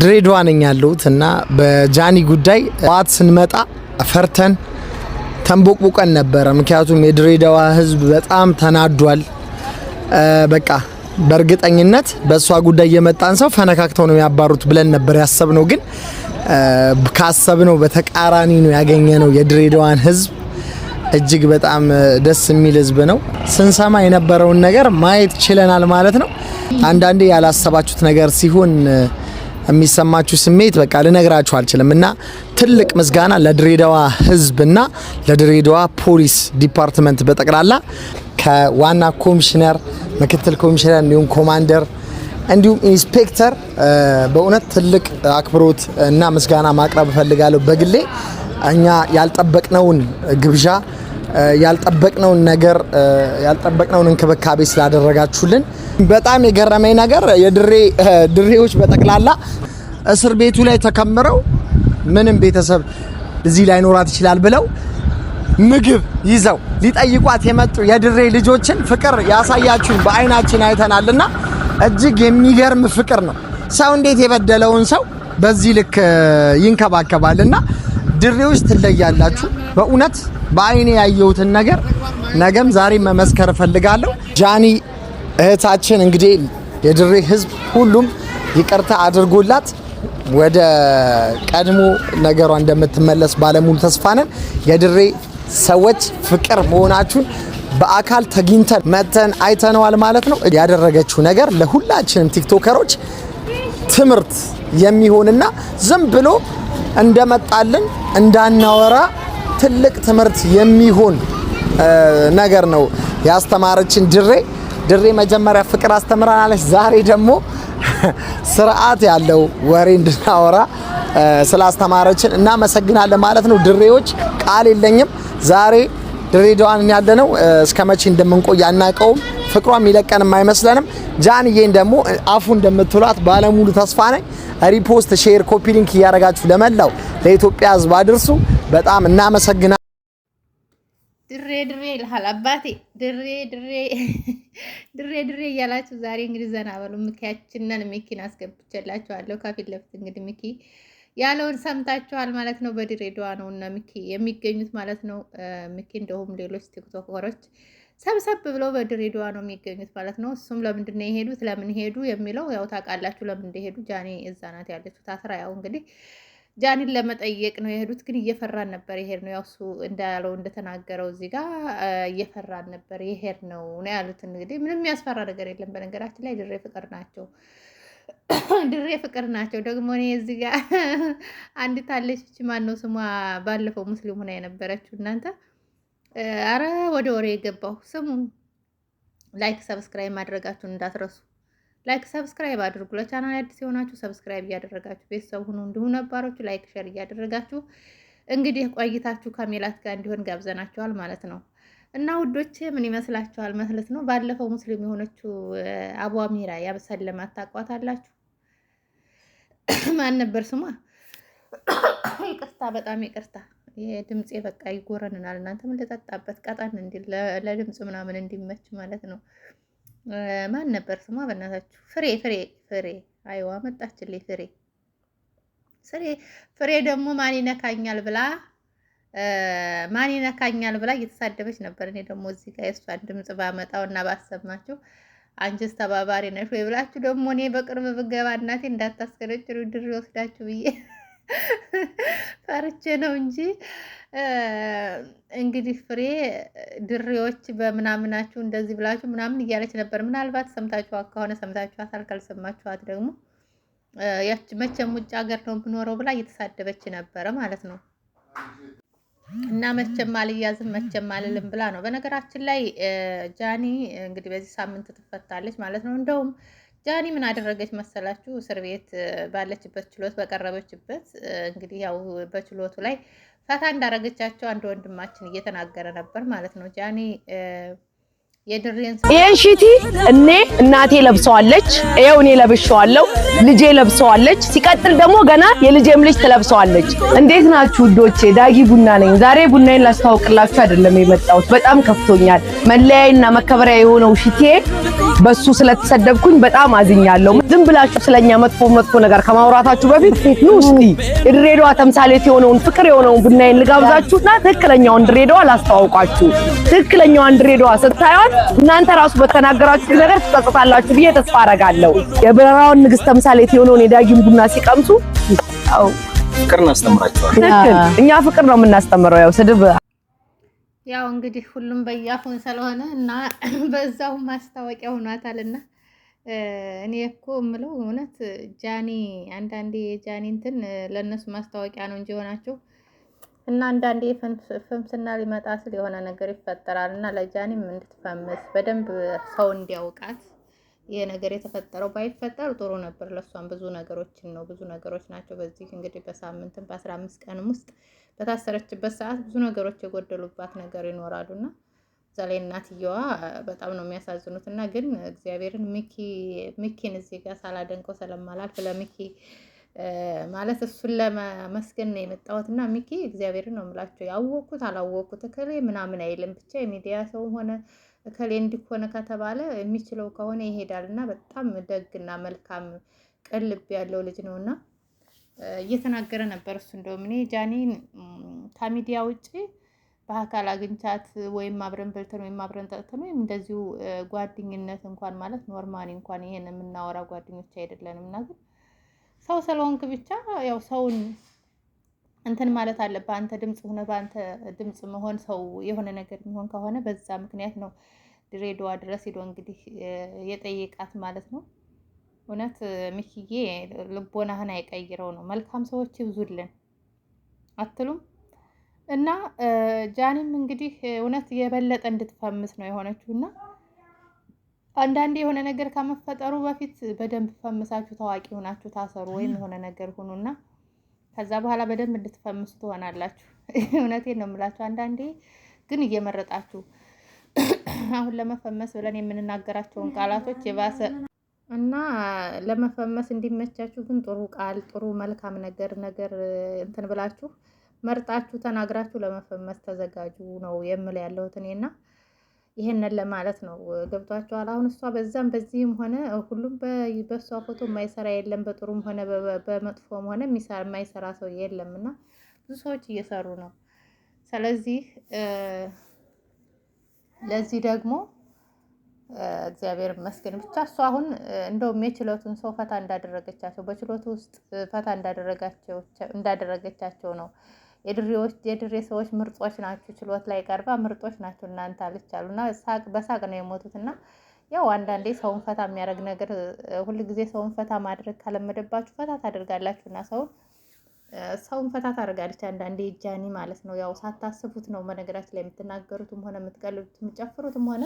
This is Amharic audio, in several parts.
ድሬዳዋ ነኝ ያለሁት እና በጃኒ ጉዳይ ጠዋት ስንመጣ ፈርተን ተንቦቅቡቀን ነበረ። ምክንያቱም የድሬዳዋ ሕዝብ በጣም ተናዷል። በቃ በእርግጠኝነት በእሷ ጉዳይ የመጣን ሰው ፈነካክተው ነው ያባሩት ብለን ነበር ያሰብነው። ግን ካሰብነው በተቃራኒ ነው ያገኘነው። የድሬዳዋን ሕዝብ እጅግ በጣም ደስ የሚል ህዝብ ነው። ስንሰማ የነበረውን ነገር ማየት ችለናል ማለት ነው። አንዳንዴ ያላሰባችሁት ነገር ሲሆን የሚሰማችሁ ስሜት በቃ ልነግራችሁ አልችልም። እና ትልቅ ምስጋና ለድሬዳዋ ሕዝብና ለድሬዳዋ ፖሊስ ዲፓርትመንት በጠቅላላ ከዋና ኮሚሽነር፣ ምክትል ኮሚሽነር እንዲሁም ኮማንደር እንዲሁም ኢንስፔክተር በእውነት ትልቅ አክብሮት እና ምስጋና ማቅረብ እፈልጋለሁ በግሌ እኛ ያልጠበቅነውን ግብዣ ያልጠበቅነውን ነገር ያልጠበቅነውን እንክብካቤ ስላደረጋችሁልን በጣም የገረመኝ ነገር የድሬ ድሬዎች በጠቅላላ እስር ቤቱ ላይ ተከምረው ምንም ቤተሰብ እዚህ ላይኖራት ይችላል ብለው ምግብ ይዘው ሊጠይቋት የመጡ የድሬ ልጆችን ፍቅር ያሳያችሁን በአይናችን አይተናል እና እጅግ የሚገርም ፍቅር ነው። ሰው እንዴት የበደለውን ሰው በዚህ ልክ ይንከባከባል እና ድሬዎች ትለያላችሁ። በእውነት በአይኔ ያየሁትን ነገር ነገም ዛሬ መመስከር እፈልጋለሁ ጃኒ እህታችን እንግዲህ የድሬ ህዝብ ሁሉም ይቅርታ አድርጎላት ወደ ቀድሞ ነገሯ እንደምትመለስ ባለሙሉ ተስፋ ነን። የድሬ ሰዎች ፍቅር መሆናችሁን በአካል ተግኝተን መተን አይተነዋል ማለት ነው። ያደረገችው ነገር ለሁላችንም ቲክቶከሮች ትምህርት የሚሆንና ዝም ብሎ እንደመጣልን እንዳናወራ ትልቅ ትምህርት የሚሆን ነገር ነው ያስተማረችን ድሬ ድሬ መጀመሪያ ፍቅር አስተምራናለች። ዛሬ ደግሞ ስርዓት ያለው ወሬ እንድናወራ ስላስተማረችን እናመሰግናለን ማለት ነው። ድሬዎች ቃል የለኝም። ዛሬ ድሬዳዋን ነው እስከ መቼ እንደምንቆይ አናውቀውም። ፍቅሯ የሚለቀንም አይመስለንም። ጃንዬን ደግሞ አፉ እንደምትሏት ባለሙሉ ተስፋ ነኝ። ሪፖስት፣ ሼር፣ ኮፒ ሊንክ እያደረጋችሁ ለመላው ለኢትዮጵያ ሕዝብ አድርሱ። በጣም እናመሰግናለን። ድሬ ድሬ ይልሃል አባቴ ድሬ ድሬ ድሬ ድሬ እያላችሁ ዛሬ እንግዲህ ዘና በሉ። ምኪያችንን ሚኪን አስገብቼላችኋለሁ። ከፊት ለፊት እንግዲህ ሚኪ ያለውን ሰምታችኋል ማለት ነው። በድሬዳዋ ነው እና ሚኪ የሚገኙት ማለት ነው። ሚኪ እንደሁም ሌሎች ቲክቶከሮች ሰብሰብ ብለው በድሬዳዋ ነው የሚገኙት ማለት ነው። እሱም ለምንድን ነው የሄዱት? ለምን ሄዱ የሚለው ያው ታውቃላችሁ። ለምን እንደሄዱ ጃኔ እዛ ናት ያለችው ታስራ ያው እንግዲህ ጃኒን ለመጠየቅ ነው የሄዱት። ግን እየፈራን ነበር ይሄድ ነው ያው እሱ እንዳለው እንደተናገረው እዚህ ጋር እየፈራን ነበር ይሄድ ነው ነው ያሉት። እንግዲህ ምንም የሚያስፈራ ነገር የለም። በነገራችን ላይ ድሬ ፍቅር ናቸው ድሬ ፍቅር ናቸው። ደግሞ እኔ እዚህ ጋር አንድ ታለች ማነው ስሟ ባለፈው ሙስሊም ሆና የነበረችው እናንተ አረ ወደ ወሬ የገባሁ ስሙ ላይክ ሰብስክራይብ ማድረጋችሁን እንዳትረሱ። ላይክ ሰብስክራይብ አድርጉ። ለቻናል አዲስ የሆናችሁ ሰብስክራይብ እያደረጋችሁ ቤተሰብ ሁኑ። እንዲሁም ነባሮቹ ላይክ ሸር እያደረጋችሁ እንግዲህ ቆይታችሁ ከሜላት ጋር እንዲሆን ጋብዘናችኋል ማለት ነው። እና ውዶች ምን ይመስላችኋል ማለት ነው? ባለፈው ሙስሊም የሆነችው አቧሚራ ያበሰለማ ታቋታላችሁ። ማን ነበር ስሟ? ይቅርታ፣ በጣም ይቅርታ። የድምፄ በቃ ይጎረንናል። እናንተም እንደጠጣበት ቀጠን እንዲል ለድምፅ ምናምን እንዲመች ማለት ነው። ማን ነበር ስሟ በእናታችሁ? ፍሬ ፍሬ ፍሬ አይዋ መጣችልኝ ፍሬ ፍሬ ፍሬ ደግሞ ማን ይነካኛል ብላ ማን ይነካኛል ብላ እየተሳደበች ነበር። እኔ ደግሞ እዚህ ጋር የእሷን ድምፅ ባመጣው እና ባሰማችሁ አንቺስ ተባባሪ ነሽ ወይ ብላችሁ ደግሞ እኔ በቅርብ ብገባ እናቴ እንዳታስገረጭሩ ድር ይወስዳችሁ ብዬ ፈርቼ ነው እንጂ እንግዲህ ፍሬ ድሬዎች በምናምናችሁ እንደዚህ ብላችሁ ምናምን እያለች ነበር። ምናልባት ሰምታችኋት ከሆነ ሰምታችኋት፣ ካልሰማችኋት ደግሞ ያች መቼም ውጭ ሀገር ነው ብኖረው ብላ እየተሳደበች ነበረ ማለት ነው። እና መቼም አልያዝም መቼም አልልም ብላ ነው። በነገራችን ላይ ጃኒ እንግዲህ በዚህ ሳምንት ትፈታለች ማለት ነው እንደውም ጃኒ ምን አደረገች መሰላችሁ? እስር ቤት ባለችበት ችሎት በቀረበችበት እንግዲህ ያው በችሎቱ ላይ ፈታ እንዳረገቻቸው አንድ ወንድማችን እየተናገረ ነበር ማለት ነው። ጃኒ ይህን ሽቲ እኔ እናቴ ለብሰዋለች፣ ይኸው እኔ ለብሸዋለሁ፣ ልጄ ለብሰዋለች። ሲቀጥል ደግሞ ገና የልጄም ልጅ ትለብሰዋለች። እንዴት ናችሁ ውዶቼ? ዳጊ ቡና ነኝ። ዛሬ ቡናዬን ላስተዋውቅላችሁ አይደለም የመጣሁት፣ በጣም ከፍቶኛል። መለያይና መከበሪያ የሆነው ሽቴ በሱ ስለተሰደብኩኝ በጣም አዝኛለሁ። ዝም ብላችሁ ስለኛ መጥፎ መጥፎ ነገር ከማውራታችሁ በፊት ኑ እስቲ የድሬዳዋ ተምሳሌት የሆነውን ፍቅር የሆነውን ቡናዬን ልጋብዛችሁና ትክክለኛውን ድሬዳዋ ላስተዋውቃችሁ። ትክክለኛዋን ድሬዳዋ ስታዩት እናንተ ራሱ በተናገራችሁ ነገር ትጸጸታላችሁ ብዬ ተስፋ አረጋለሁ። የበረራውን ንግስት ተምሳሌት የሆነውን የዳጊም ቡና ሲቀምሱ ፍቅር እናስተምራችኋል። እኛ ፍቅር ነው የምናስተምረው ያው ስድብ ያው እንግዲህ ሁሉም በያፉን ስለሆነ እና በዛው ማስታወቂያ ሆኗታልና እኔ እኮ ምለው እውነት ጃኒ አንዳንዴ የጃኒ እንትን ለእነሱ ማስታወቂያ ነው እንጂ የሆናቸው እና አንዳንዴ ፍምስና ሊመጣ ስል የሆነ ነገር ይፈጠራል እና ለጃኒም እንድትፈምስ በደንብ ሰው እንዲያውቃት ይሄ ነገር የተፈጠረው ባይፈጠር ጥሩ ነበር። ለእሷም ብዙ ነገሮችን ነው ብዙ ነገሮች ናቸው። በዚህ እንግዲህ በሳምንትም በአስራ አምስት ቀንም ውስጥ በታሰረችበት ሰዓት ብዙ ነገሮች የጎደሉባት ነገር ይኖራሉ እና እዛ ላይ እናትየዋ በጣም ነው የሚያሳዝኑት። እና ግን እግዚአብሔርን ሚኪን እዚህ ጋር ሳላደንቀው ስለማላልፍ ለሚኪ ማለት እሱን ለመስገን ነው የመጣሁት። እና ሚኪ እግዚአብሔርን ነው የምላቸው ያወቅኩት አላወቅኩት እከሌ ምናምን አይልም። ብቻ የሚዲያ ሰው ሆነ እከሌ እንዲሆነ ከተባለ የሚችለው ከሆነ ይሄዳል። እና በጣም ደግና መልካም ቀልብ ያለው ልጅ ነው እና እየተናገረ ነበር። እሱ እንደውም እኔ ጃኒን ከሚዲያ ውጭ በአካል አግኝቻት ወይም አብረን በልተን ወይም አብረን ጠጥተን ወይም እንደዚሁ ጓደኝነት እንኳን ማለት ኖርማሊ እንኳን ይሄን የምናወራ ጓደኞች አይደለንም። እና ግን ሰው ስለሆንክ ብቻ ያው ሰውን እንትን ማለት አለ። በአንተ ድምፅ ሆነ በአንተ ድምፅ መሆን ሰው የሆነ ነገር የሚሆን ከሆነ በዛ ምክንያት ነው ድሬዳዋ ድረስ ሄዶ እንግዲህ የጠየቃት ማለት ነው። እውነት ሚኪዬ ልቦናህን አይቀይረው ነው። መልካም ሰዎች ይብዙልን አትሉም? እና ጃኒም እንግዲህ እውነት የበለጠ እንድትፈምስ ነው የሆነችው። እና አንዳንዴ የሆነ ነገር ከመፈጠሩ በፊት በደንብ ፈምሳችሁ ታዋቂ ሆናችሁ ታሰሩ ወይም የሆነ ነገር እና ከዛ በኋላ በደንብ እንድትፈምሱ ትሆናላችሁ። እውነቴን ነው የምላችሁ። አንዳንዴ ግን እየመረጣችሁ አሁን ለመፈመስ ብለን የምንናገራቸውን ቃላቶች የባሰ እና ለመፈመስ እንዲመቻችሁ ግን ጥሩ ቃል ጥሩ መልካም ነገር ነገር እንትን ብላችሁ መርጣችሁ ተናግራችሁ ለመፈመስ ተዘጋጁ ነው የምል ያለሁት እኔና ይሄንን ለማለት ነው። ገብቷችኋል? አሁን እሷ በዛም በዚህም ሆነ ሁሉም በእሷ ፎቶ የማይሰራ የለም፣ በጥሩም ሆነ በመጥፎም ሆነ የማይሰራ ሰው የለም። እና ብዙ ሰዎች እየሰሩ ነው። ስለዚህ ለዚህ ደግሞ እግዚአብሔር ይመስገን ብቻ እሱ አሁን እንደውም የችሎቱን ሰው ፈታ እንዳደረገቻቸው በችሎቱ ውስጥ ፈታ እንዳደረገቻቸው ነው። የድሬዎች የድሬ ሰዎች ምርጦች ናቸው። ችሎት ላይ ቀርባ ምርጦች ናቸው እናንተ አልቻሉ እና በሳቅ ነው የሞቱት እና ያው አንዳንዴ ሰውን ፈታ የሚያደርግ ነገር ሁል ጊዜ ሰውን ፈታ ማድረግ ካለመደባችሁ ፈታ ታደርጋላችሁ እና ሰውን ሰውን ፈታ ታደርጋለች አንዳንዴ እጃኒ ማለት ነው። ያው ሳታስቡት ነው በነገራችን ላይ የምትናገሩትም ሆነ የምትቀልዱት የምትጨፍሩትም ሆነ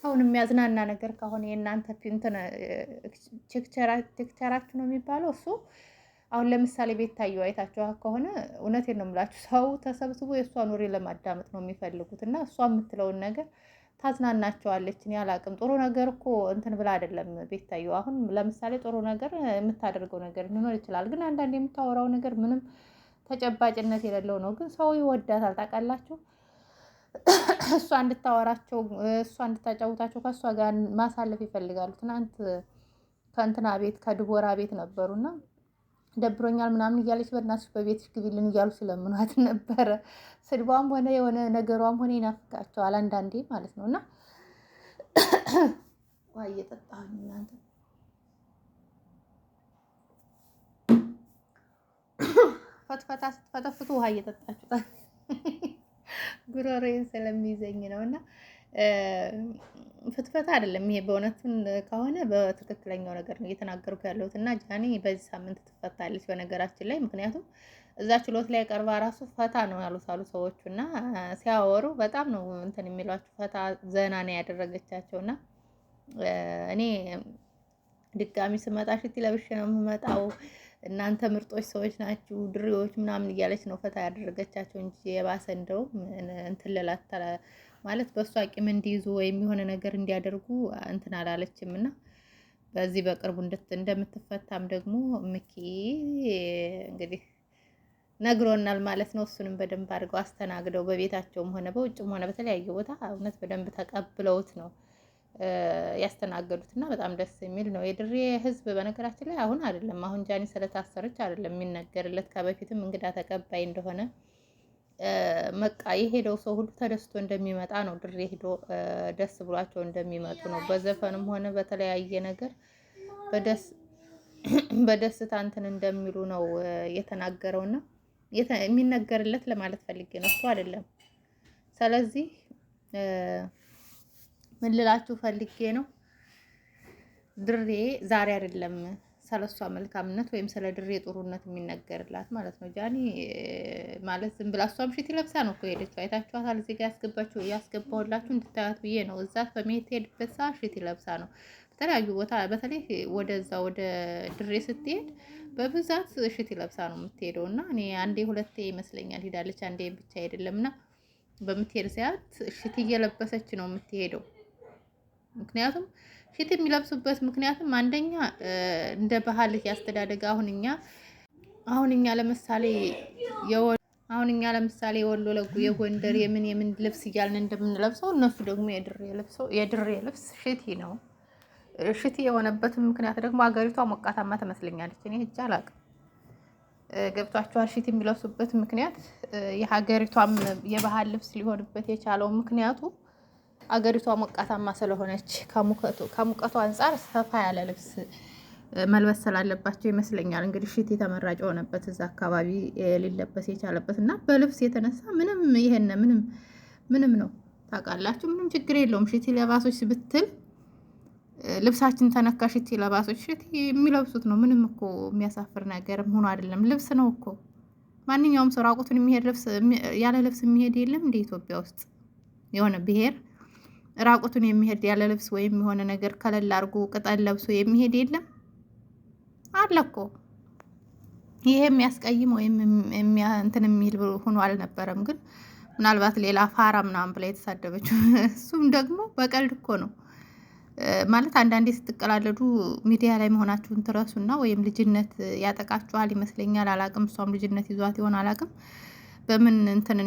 ሰውን የሚያዝናና ነገር ከሆነ የእናንተ ፒክቸራችሁ ነው የሚባለው እሱ አሁን ለምሳሌ ቤታየሁ አይታችኋ ከሆነ እውነቴን ነው የምላችሁ፣ ሰው ተሰብስቦ የእሷን ወሬ ለማዳመጥ ነው የሚፈልጉት እና እሷ የምትለውን ነገር ታዝናናቸዋለች። እኔ አላቅም። ጥሩ ነገር እኮ እንትን ብላ አይደለም ቤታየሁ። አሁን ለምሳሌ ጥሩ ነገር የምታደርገው ነገር ሊኖር ይችላል፣ ግን አንዳንድ የምታወራው ነገር ምንም ተጨባጭነት የሌለው ነው። ግን ሰው ይወዳታል። ታውቃላችሁ እሷ እንድታወራቸው እሷ እንድታጫውታቸው ከእሷ ጋር ማሳለፍ ይፈልጋሉ። ትናንት ከእንትና ቤት ከድቦራ ቤት ነበሩና ደብሮኛል ምናምን እያለች በእናትሽ በቤትሽ ግቢልን እያሉ ስለምኗት ነበረ። ስድቧም ሆነ የሆነ ነገሯም ሆነ ይናፍቃቸዋል አንዳንዴ ማለት ነው። እና ውሃ እየጠጣሁኝ እናንተ ፈትፈታ ስትፈተፍቱ ውሃ እየጠጣችሁ ጉሮሮዬን ስለሚይዘኝ ነው እና ፍትፈት አይደለም ይሄ። በእውነቱን ከሆነ በትክክለኛው ነገር ነው እየተናገርኩ ያለሁት እና ጃኒ በዚህ ሳምንት ትፈታለች በነገራችን ላይ ምክንያቱም እዛ ችሎት ላይ ቀርባ ራሱ ፈታ ነው ያሉት አሉ ሰዎቹ እና ሲያወሩ በጣም ነው እንትን የሚሏቸው ፈታ ዘና ነው ያደረገቻቸው እና እኔ ድጋሚ ስመጣ ሽቲ ለብሼ ነው የምመጣው እናንተ ምርጦች ሰዎች ናችሁ ድሬዎች ምናምን እያለች ነው ፈታ ያደረገቻቸው እንጂ የባሰ እንደውም እንትልላት ማለት በሱ አቂም እንዲይዙ ወይም የሆነ ነገር እንዲያደርጉ እንትን አላለችም እና በዚህ በቅርቡ እንደምትፈታም ደግሞ ምኪ እንግዲህ ነግሮናል ማለት ነው። እሱንም በደንብ አድርገው አስተናግደው በቤታቸውም ሆነ በውጭም ሆነ በተለያየ ቦታ እውነት በደንብ ተቀብለውት ነው ያስተናገዱት እና በጣም ደስ የሚል ነው። የድሬ ህዝብ በነገራችን ላይ አሁን አይደለም አሁን ጃኒ ስለታሰረች አይደለም የሚነገርለት ከበፊትም እንግዳ ተቀባይ እንደሆነ መቃ የሄደው ሰው ሁሉ ተደስቶ እንደሚመጣ ነው። ድሬ ሄዶ ደስ ብሏቸው እንደሚመጡ ነው። በዘፈንም ሆነ በተለያየ ነገር በደስታ እንትን እንደሚሉ ነው የተናገረውና የሚነገርለት ለማለት ፈልጌ ነው እሱ አይደለም። ስለዚህ ምን ልላችሁ ፈልጌ ነው ድሬ ዛሬ አይደለም ስለሷ መልካምነት ወይም ስለ ድሬ ጥሩነት የሚነገርላት ማለት ነው። ጃኒ ማለት ዝም ብላ እሷ ምሽት ይለብሳ ነው እኮ ሄደችው። አይታችኋታል። እዚህ ጋር ያስገባችሁ ያስገባሁላችሁ እንድታያት ብዬ ነው። እዛ በመሄድ ትሄድበት ምሽት ይለብሳ ነው። በተለያዩ ቦታ በተለይ ወደዛ ወደ ድሬ ስትሄድ በብዛት እሽት ይለብሳ ነው የምትሄደው እና እኔ አንዴ ሁለቴ ይመስለኛል ሄዳለች። አንዴ ብቻ አይደለም እና በምትሄድ ሰዓት እሽት እየለበሰች ነው የምትሄደው ምክንያቱም ፊት የሚለብሱበት ምክንያትም አንደኛ እንደ ባህል ያስተዳደግ አሁን እኛ አሁን እኛ ለምሳሌ አሁን እኛ ለምሳሌ የወሎ ለጉ የጎንደር የምን የምን ልብስ እያልን እንደምንለብሰው እነሱ ደግሞ የድሬ ልብስ ሽቲ ነው። ሽቲ የሆነበትም ምክንያት ደግሞ ሀገሪቷ ሞቃታማ ትመስለኛለች። እኔ ሂጅ አላውቅም። ገብቷችኋል? ሽቲ የሚለብሱበት ምክንያት የሀገሪቷም የባህል ልብስ ሊሆንበት የቻለው ምክንያቱ አገሪቷ ሞቃታማ ስለሆነች ከሙቀቱ አንጻር ሰፋ ያለ ልብስ መልበስ ስላለባቸው ይመስለኛል እንግዲህ ሽት የተመራጭ የሆነበት እዛ አካባቢ ሊለበስ የቻለበት እና በልብስ የተነሳ ምንም ይሄን ምንም ምንም ነው ታውቃላችሁ፣ ምንም ችግር የለውም። ሽት ለባሶች ብትል ልብሳችን ተነካ፣ ሽት ለባሶች ሽት የሚለብሱት ነው። ምንም እኮ የሚያሳፍር ነገርም ሆኖ አይደለም። ልብስ ነው እኮ ማንኛውም ሰው ራቁቱን የሚሄድ ልብስ ያለ ልብስ የሚሄድ የለም እንደ ኢትዮጵያ ውስጥ የሆነ ብሄር ራቁቱን የሚሄድ ያለ ልብስ ወይም የሆነ ነገር ከለል አድርጎ ቅጠል ለብሶ የሚሄድ የለም አለ እኮ። ይሄ የሚያስቀይም ወይም እንትን የሚል ሆኖ አልነበረም። ግን ምናልባት ሌላ ፋራ ምናምን ብላ የተሳደበችው እሱም ደግሞ በቀልድ እኮ ነው ማለት አንዳንዴ ስትቀላለዱ ሚዲያ ላይ መሆናችሁን ትረሱና ወይም ልጅነት ያጠቃችኋል ይመስለኛል። አላቅም እሷም ልጅነት ይዟት ይሆን አላቅም። በምን እንትን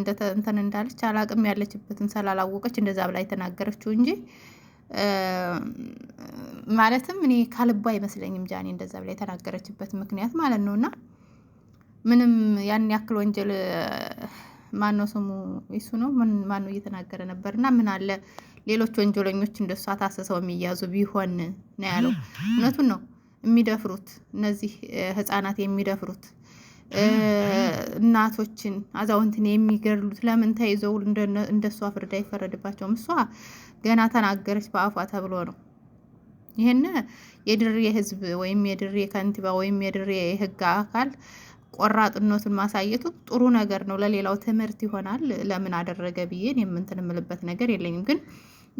እንዳለች አላቅም። ያለችበትን ስላላወቀች እንደዛ ብላ የተናገረችው እንጂ ማለትም እኔ ካልባ አይመስለኝም ጃኒ እንደዛ ብላ የተናገረችበት ምክንያት ማለት ነው። እና ምንም ያን ያክል ወንጀል ማነው ስሙ ይሱ ነው ምን ማነው እየተናገረ ነበር። እና ምን አለ ሌሎች ወንጀለኞች እንደሷ ታስሰው የሚያዙ ቢሆን ነው ያለው። እውነቱን ነው የሚደፍሩት እነዚህ ህጻናት የሚደፍሩት እናቶችን አዛውንትን የሚገድሉት ለምን ተይዘው እንደሷ ፍርድ አይፈረድባቸውም? እሷ ገና ተናገረች በአፏ ተብሎ ነው። ይህን የድሬ ህዝብ ወይም የድሬ ከንቲባ ወይም የድሬ የህግ አካል ቆራጥነቱን ማሳየቱ ጥሩ ነገር ነው። ለሌላው ትምህርት ይሆናል። ለምን አደረገ ብዬን የምንትን ነገር የለኝም። ግን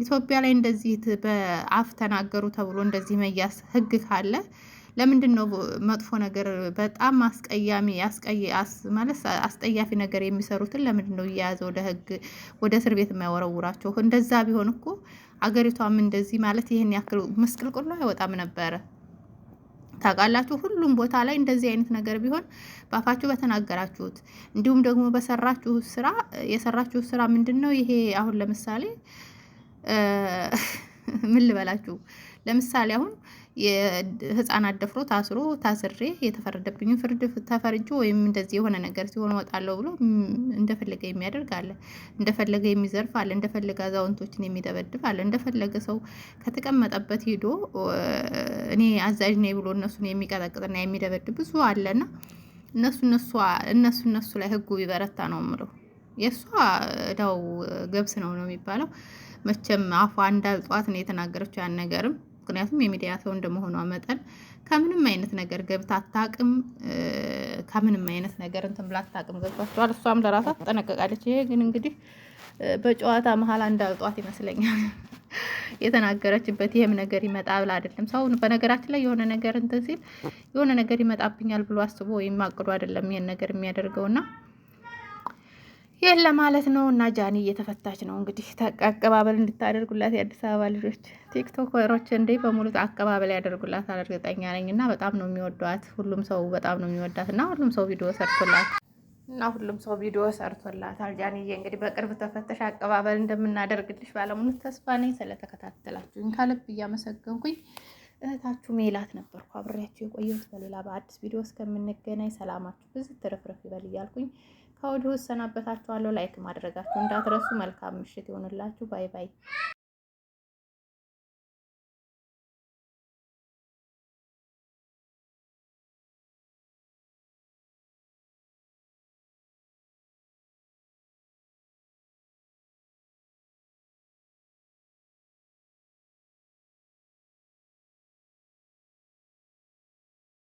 ኢትዮጵያ ላይ እንደዚህ በአፍ ተናገሩ ተብሎ እንደዚህ መያስ ህግ ካለ ለምንድን ነው መጥፎ ነገር በጣም አስቀያሚ ማለት አስጠያፊ ነገር የሚሰሩትን ለምንድን ነው እየያዘ ወደ ህግ ወደ እስር ቤት የማያወረውራቸው? እንደዛ ቢሆን እኮ አገሪቷም እንደዚህ ማለት ይህን ያክል ምስቅልቅሉ አይወጣም ነበረ። ታውቃላችሁ ሁሉም ቦታ ላይ እንደዚህ አይነት ነገር ቢሆን ባፋችሁ በተናገራችሁት እንዲሁም ደግሞ በሰራችሁ ስራ የሰራችሁ ስራ ምንድን ነው ይሄ? አሁን ለምሳሌ ምን ልበላችሁ፣ ለምሳሌ አሁን ህፃናት ደፍሮ ታስሮ ታስሬ የተፈረደብኝ ፍርድ ተፈርጆ ወይም እንደዚህ የሆነ ነገር ሲሆን እወጣለሁ ብሎ እንደፈለገ የሚያደርግ አለ፣ እንደፈለገ የሚዘርፍ አለ፣ እንደፈለገ አዛውንቶችን የሚደበድብ አለ፣ እንደፈለገ ሰው ከተቀመጠበት ሂዶ እኔ አዛዥ ነኝ ብሎ እነሱን የሚቀጠቅጥና የሚደበድብ ብዙ አለና እነሱ እነሱ እነሱ እነሱ ላይ ህጉ ቢበረታ ነው የምለው። የእሷ እዳው ገብስ ነው ነው የሚባለው። መቼም አፏ እንዳልጧት ነው የተናገረችው ያን ነገርም ምክንያቱም የሚዲያ ሰው እንደመሆኗ መጠን ከምንም አይነት ነገር ገብታ አታውቅም። ከምንም አይነት ነገር እንትን ብላ አታውቅም። ገብቷቸዋል። እሷም ለራሷ ትጠነቀቃለች። ይሄ ግን እንግዲህ በጨዋታ መሀል እንዳልጧት ይመስለኛል የተናገረችበት ይህም ነገር ይመጣ ብላ አይደለም። ሰው በነገራችን ላይ የሆነ ነገር እንትን ሲል የሆነ ነገር ይመጣብኛል ብሎ አስቦ ወይም አቅዶ አይደለም ይህን ነገር የሚያደርገውና ይህን ለማለት ነው። እና ጃኒ እየተፈታች ነው እንግዲህ አቀባበል እንድታደርጉላት የአዲስ አበባ ልጆች ቲክቶከሮች እንዴ በሙሉ አቀባበል ያደርጉላት እርግጠኛ ነኝ። እና በጣም ነው የሚወዷት ሁሉም ሰው በጣም ነው የሚወዳት እና ሁሉም ሰው ቪዲዮ ሰርቶላት እና ሁሉም ሰው ቪዲዮ ሰርቶላታል። ጃኒዬ እንግዲህ በቅርብ ተፈተሽ አቀባበል እንደምናደርግልሽ ባለሙሉ ተስፋ ነኝ። ስለተከታተላችሁኝ ከልብ እያመሰገንኩኝ እህታችሁ ሜላት ነበርኩ አብሬያችሁ የቆየሁት። በሌላ በአዲስ ቪዲዮ እስከምንገናኝ ሰላማችሁ ብዙ ትርፍርፍ ይበል እያልኩኝ ከወዲሁ እሰናበታችኋለሁ። ላይክ ማድረጋችሁ እንዳትረሱ። መልካም ምሽት ይሆንላችሁ። ባይ ባይ።